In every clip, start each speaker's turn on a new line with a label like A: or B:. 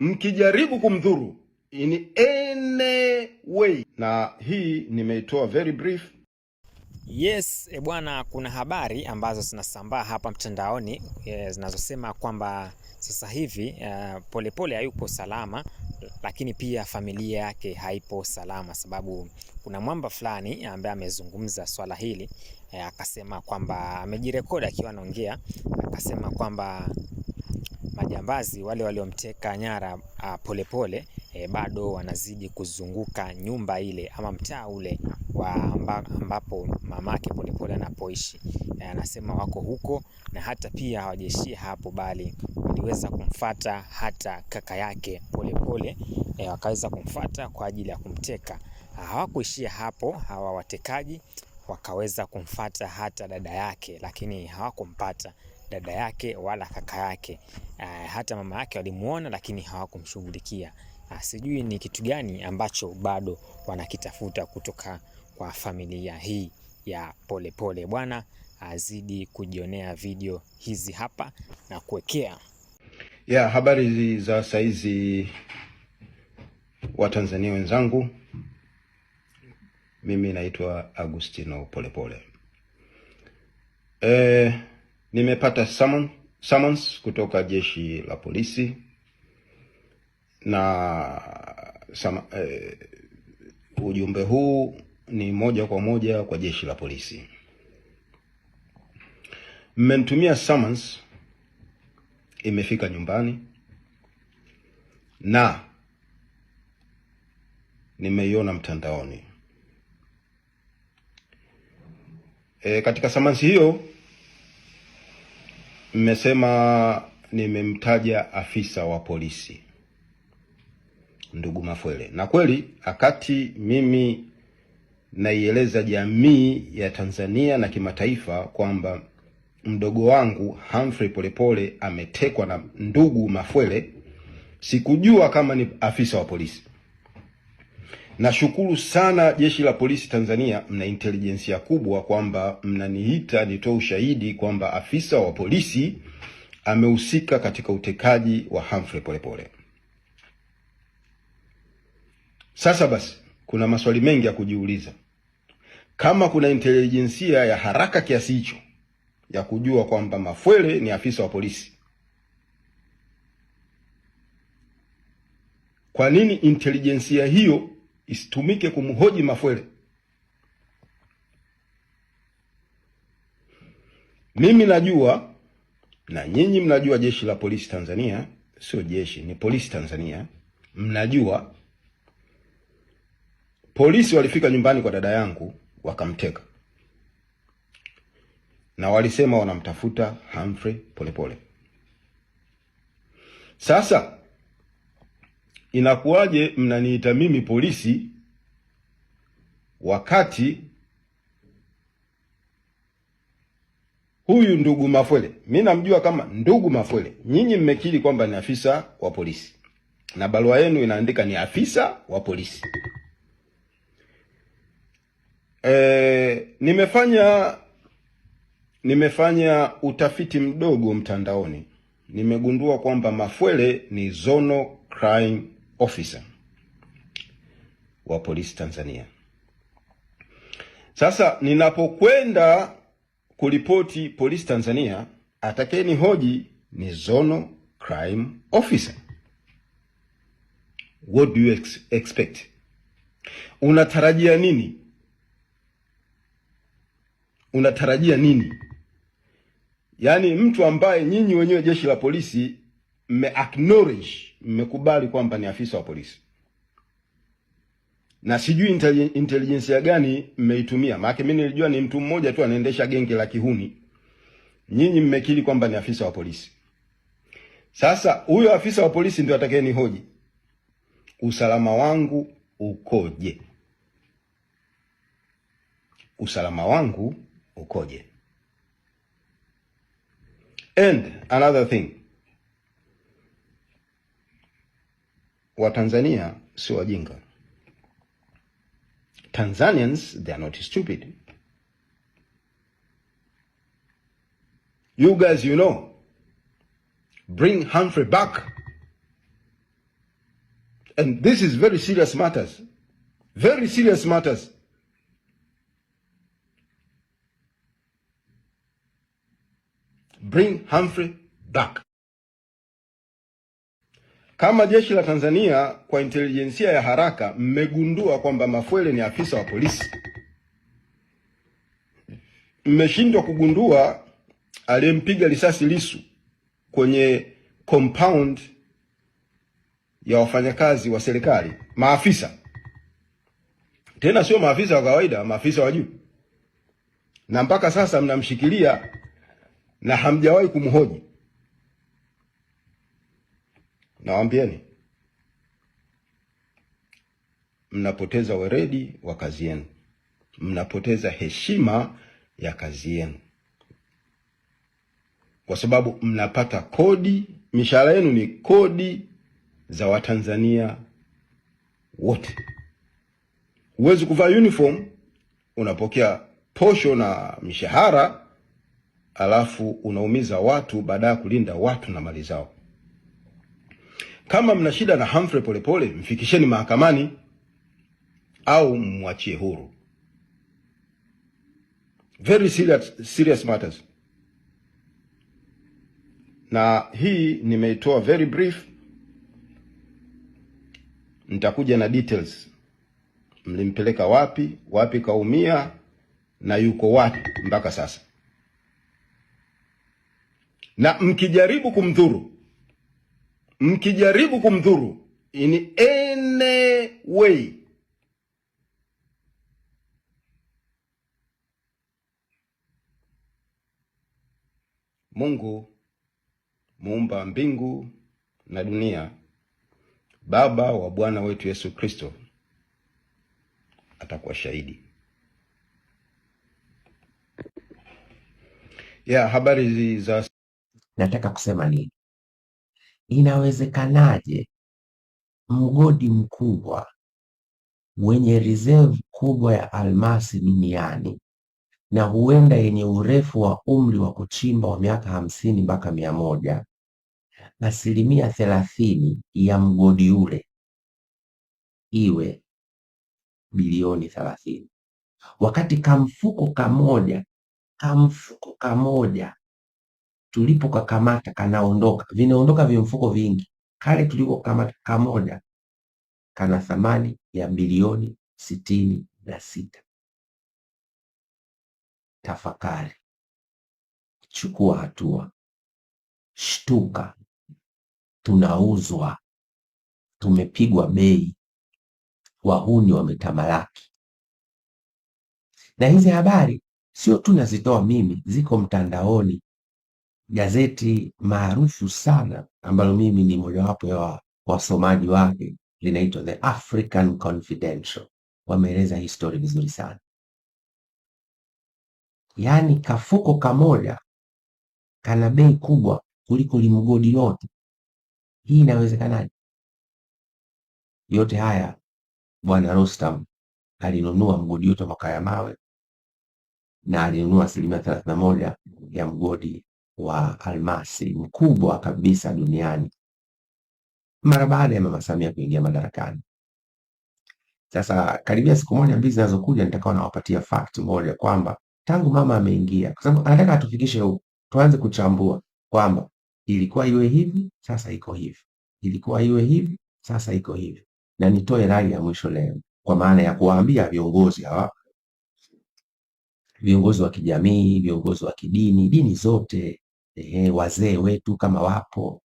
A: mkijaribu kumdhuru in any way. Na hii nimeitoa very brief.
B: Yes, e bwana, kuna habari ambazo zinasambaa hapa mtandaoni e, zinazosema yes, kwamba sasa hivi uh, Polepole hayupo salama, lakini pia familia yake haipo salama, sababu kuna mwamba fulani ambaye amezungumza swala hili e, akasema, kwamba amejirekodi akiwa anaongea akasema kwamba majambazi wale waliomteka nyara ah, Polepole e, eh, bado wanazidi kuzunguka nyumba ile ama mtaa ule wa ambapo mamake Polepole anapoishi. Anasema e, wako huko na hata pia hawajaishia hapo, bali waliweza kumfata hata kaka yake Polepole e, eh, wakaweza kumfata kwa ajili ya kumteka. Hawakuishia hapo hawa watekaji, wakaweza kumfata hata dada yake, lakini hawakumpata dada yake wala kaka yake, ah, hata mama yake walimuona, lakini hawakumshughulikia. Ah, sijui ni kitu gani ambacho bado wanakitafuta kutoka kwa familia hii ya Polepole. Bwana azidi ah, kujionea video hizi hapa na kuwekea
A: ya habari za saizi wa tanzania wenzangu, mimi naitwa Agustino Polepole. E, Nimepata summon, summons kutoka jeshi la polisi na sama, eh, ujumbe huu ni moja kwa moja kwa jeshi la polisi. Mmenitumia summons, imefika nyumbani na nimeiona mtandaoni. E, katika summons hiyo Mmesema nimemtaja afisa wa polisi ndugu Mafwele, na kweli akati mimi naieleza jamii ya Tanzania na kimataifa kwamba mdogo wangu Humphrey Polepole ametekwa na ndugu Mafwele, sikujua kama ni afisa wa polisi. Nashukuru sana Jeshi la Polisi Tanzania, mna intelijensia kubwa kwamba mnaniita nitoe ushahidi kwamba afisa wa polisi amehusika katika utekaji wa Humphrey Polepole. Sasa basi, kuna maswali mengi ya kujiuliza. Kama kuna intelijensia ya haraka kiasi hicho ya kujua kwamba Mafwele ni afisa wa polisi, kwa nini intelijensia hiyo isitumike kumhoji Mafwele. Mimi najua na nyinyi mnajua, jeshi la polisi Tanzania sio jeshi, ni polisi Tanzania. Mnajua polisi walifika nyumbani kwa dada yangu wakamteka, na walisema wanamtafuta Humphrey Polepole. Sasa inakuwaje mnaniita mimi polisi wakati huyu ndugu Mafwele mi namjua kama ndugu Mafwele. Nyinyi mmekiri kwamba ni afisa wa polisi na barua yenu inaandika ni afisa wa polisi. E, nimefanya nimefanya utafiti mdogo mtandaoni, nimegundua kwamba Mafwele ni zono crime officer wa polisi Tanzania. Sasa ninapokwenda kuripoti polisi Tanzania, atakeni hoji ni zono crime officer. What do you expect? Unatarajia nini? Unatarajia nini? Yaani mtu ambaye nyinyi wenyewe jeshi la polisi mme acknowledge mmekubali kwamba ni afisa wa polisi, na sijui intelijensia gani mmeitumia, maana mimi nilijua ni mtu mmoja tu anaendesha genge la kihuni. Nyinyi mmekiri kwamba ni afisa wa polisi. Sasa huyo afisa wa polisi ndio atakayeni hoji usalama wangu ukoje? Usalama wangu ukoje? And another thing Watanzania sio wajinga. Tanzanians they are not stupid. You guys you know. Bring Humphrey back. And this is very serious matters. Very serious matters. Bring Humphrey back. Kama jeshi la Tanzania kwa intelijensia ya haraka mmegundua kwamba Mafwele ni afisa wa polisi, mmeshindwa kugundua aliyempiga risasi lisu kwenye compound ya wafanyakazi wa serikali, maafisa tena, sio maafisa wa kawaida, maafisa wa juu, na mpaka sasa mnamshikilia na hamjawahi kumhoji. Nawaambieni, mnapoteza weredi wa kazi yenu, mnapoteza heshima ya kazi yenu, kwa sababu mnapata kodi. Mishahara yenu ni kodi za Watanzania wote. Huwezi kuvaa uniform, unapokea posho na mishahara, alafu unaumiza watu baada ya kulinda watu na mali zao. Kama mna shida na Humphrey Polepole, mfikisheni mahakamani au mwachie huru. Very serious, serious matters. Na hii nimeitoa very brief, nitakuja na details, mlimpeleka wapi, wapi kaumia na yuko wapi mpaka sasa, na mkijaribu kumdhuru mkijaribu kumdhuru in any way Mungu muumba mbingu na dunia, baba wa Bwana wetu Yesu Kristo atakuwa shahidi. Ya habari za
C: nataka kusema nini? Inawezekanaje mgodi mkubwa wenye reserve kubwa ya almasi duniani na huenda yenye urefu wa umri wa kuchimba wa miaka hamsini mpaka mia moja asilimia thelathini ya mgodi ule iwe bilioni thelathini wakati kamfuko kamoja kamfuko kamoja tulipo kakamata kanaondoka, vinaondoka vimfuko vingi. Kale kamata kamoja kana thamani ya bilioni sitini na sita. Tafakari, chukua hatua, shtuka, tunauzwa, tumepigwa bei, wahuni wametamalaki. Na hizi habari sio tu nazitoa mimi, ziko mtandaoni gazeti maarufu sana ambalo mimi ni mojawapo ya wasomaji wake linaitwa The African Confidential. Wameeleza hii story vizuri sana, yaani kafuko kamoja kana bei kubwa kuliko limgodi yote Hii inawezekanaje? Yote haya Bwana Rostam alinunua mgodi yote wa ya mawe na alinunua asilimia thelathini na moja ya mgodi wa almasi mkubwa kabisa duniani mara baada ya Mama Samia kuingia madarakani. Sasa karibia siku moja mbili zinazokuja nitakawa nawapatia fact moja kwamba tangu mama ameingia, kwa sababu anataka atufikishe huko, tuanze kuchambua kwamba ilikuwa iwe hivi, sasa iko hivi, ilikuwa iwe hivi, sasa iko hivi. Na nitoe rai ya mwisho leo, kwa maana ya kuwaambia viongozi hawa, viongozi wa kijamii, viongozi wa kidini, dini zote, ehe, wazee wetu kama wapo.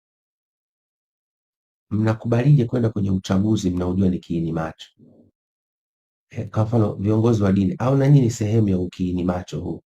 C: Mnakubalije kwenda kwenye uchaguzi mnaojua ni kiini macho? Eh, kwa mfano viongozi wa dini au na nyinyi sehemu ya ukiini macho huu